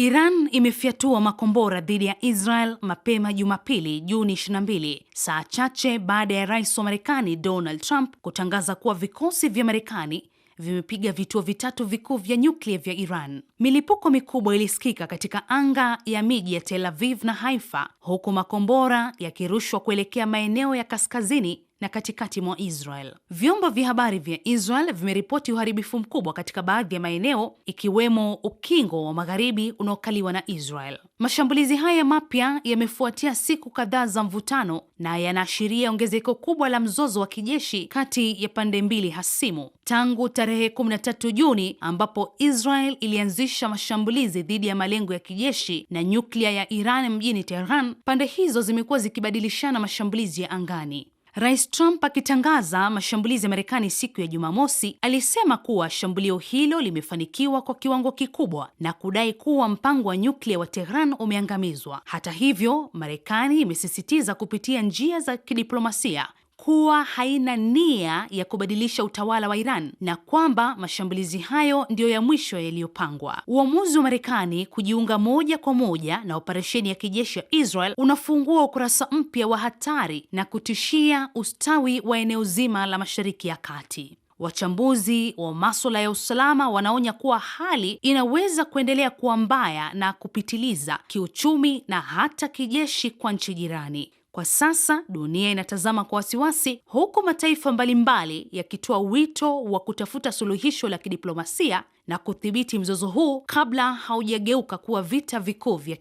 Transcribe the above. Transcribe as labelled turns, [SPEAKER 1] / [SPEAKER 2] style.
[SPEAKER 1] Iran imefyatua makombora dhidi ya Israel mapema Jumapili, Juni 22, saa chache baada ya rais wa Marekani Donald Trump kutangaza kuwa vikosi vya Marekani vimepiga vituo vitatu vikuu vya nyuklia vya Iran. Milipuko mikubwa ilisikika katika anga ya miji ya Tel Aviv na Haifa, huku makombora yakirushwa kuelekea maeneo ya kaskazini na katikati mwa Israel. Vyombo vya habari vya Israel vimeripoti uharibifu mkubwa katika baadhi ya maeneo ikiwemo ukingo wa magharibi unaokaliwa na Israel. Mashambulizi haya mapya yamefuatia siku kadhaa za mvutano na yanaashiria ongezeko kubwa la mzozo wa kijeshi kati ya pande mbili hasimu tangu tarehe 13 Juni ambapo Israel ilianzisha mashambulizi dhidi ya malengo ya kijeshi na nyuklia ya Iran mjini Tehran. Pande hizo zimekuwa zikibadilishana mashambulizi ya angani. Rais Trump akitangaza mashambulizi ya Marekani siku ya Jumamosi alisema kuwa shambulio hilo limefanikiwa kwa kiwango kikubwa na kudai kuwa mpango wa nyuklia wa Tehran umeangamizwa. Hata hivyo, Marekani imesisitiza kupitia njia za kidiplomasia kuwa haina nia ya kubadilisha utawala wa Iran na kwamba mashambulizi hayo ndiyo ya mwisho yaliyopangwa. Uamuzi wa Marekani kujiunga moja kwa moja na operesheni ya kijeshi ya Israel unafungua ukurasa mpya wa hatari na kutishia ustawi wa eneo zima la Mashariki ya Kati. Wachambuzi wa masuala ya usalama wanaonya kuwa hali inaweza kuendelea kuwa mbaya na kupitiliza kiuchumi na hata kijeshi kwa nchi jirani. Kwa sasa dunia inatazama kwa wasiwasi, huku mataifa mbalimbali yakitoa wito wa kutafuta suluhisho la kidiplomasia na kudhibiti mzozo huu kabla haujageuka kuwa vita vikuu vya